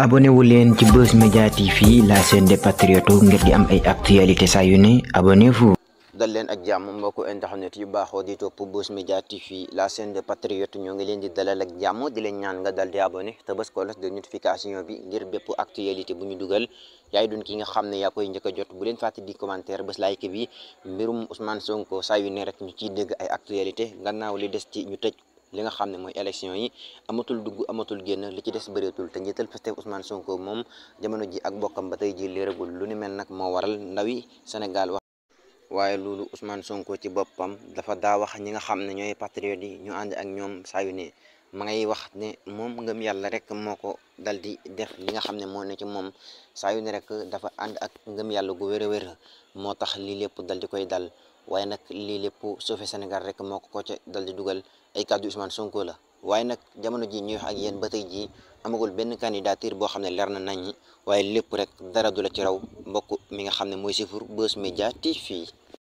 abonné wu leen ci Buzz Media TV la chaîne des patriotes ngir di am ay actualité saa yu ne abonnez-vous. ak jàmm mbokku di leen ñaan nga dal di te bës ko de notification bi ngir bépp actualité bu ñu dugal. yaay dun nga xam ne yaa koy a jot bu leen fàtte commentaire bés like bi mbirum Ousmane Sonko saa rek ñu ciy dégg ay actualité gannaaw li des ci ñu tëj li nga xam ne mooy élection yi amatul dugg amatul génn li ci des bëreetul te njiital Pastef Ousmane Sonko moom jamono ji ak bokkam ba tey ji leeragul lu ni mel nag moo waral ndawi Sénégal wax waaye loolu Ousmane Sonko ci boppam dafa daa wax ñi nga xam ne ñooy patriote yi ñu ànd ak ñoom saa yu ne ma ngay wax ne moom ngëm yàlla rek moo ko dal di def li nga xam ne moo ne ci moom saa yu ne rek dafa ànd ak ngëm yàlla gu wér a wér moo tax lii lépp dal di koy dal waaye nag lii lépp suufe Sénégal rek moo ko ko ca dal di dugal ay kàddu Ousmane Sonko la waaye nag jamono ji ñuy wax ak yéen ba tey jii amagul benn candidature boo xam ne leer na nañ ñi waaye lépp rek dara du ci raw mbokk mi nga xam ne mooy sifur bës Media TV fii